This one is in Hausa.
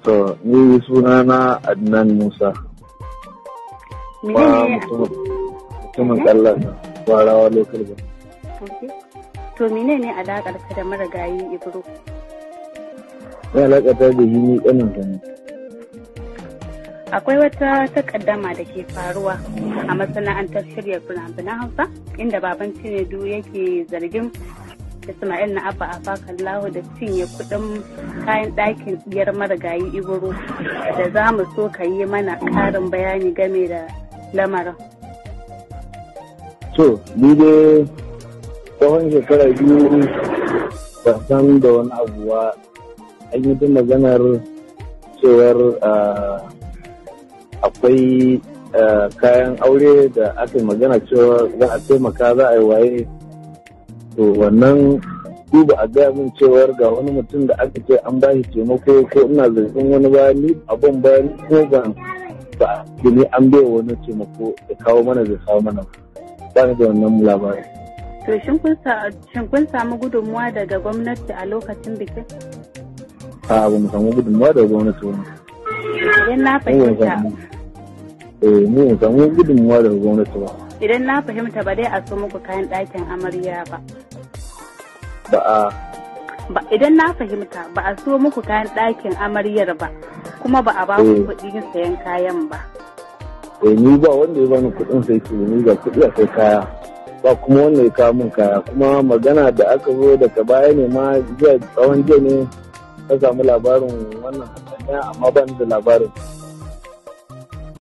To, ni suna na Adnan Musa. mutumin kallon warawa lokal ba. To, mine ne dakar ka da marigayi Ibro? Ya lakata da yi ni kanin gani. Akwai wata takaddama da ke faruwa a masana'antar shirya fina-finan Hausa inda baban du yake zargin Ismail na Abba Afakallahu da cinye kudin kayan ɗakin ɗiyar marigayi iboro da za mu so ka yi mana ƙarin bayani game da lamarin. To, ni dai tsawon shekara biyu ba san da wani abu ba an yi maganar cewar akwai kayan aure da aka yi magana cewa za a taimaka za a yi waye to wannan duba a gaya min cewar ga wani mutum da aka ce an bashi taimako ko ina zargin wani bayani ni abin bayani ko ban ba ne an bai wani taimako da kawo mana da kawo mana ba ni da wannan labarin. To shin kun samu gudunmuwa daga gwamnati a lokacin bikin? A ba mu samu gudunmuwa daga gwamnati wani. Idan na fahimta. Eh mu samu gudunmuwa daga gwamnati ba. idan na fahimta ba dai a so muku kayan ɗakin amarya ba ba idan na fahimta ba a so muku kayan ɗakin amaryar ba kuma ba a ba mu eh. kuɗin sayan kayan ba eh ni ba wanda ya bani kuɗin sai ke ni ga kuɗi a sai kaya ba kuma wanda ya kawo min kaya kuma magana da aka zo daga baya ne ma jiya tsawon jiya ne ta samu labarin wannan hatsaniya amma ban da labarin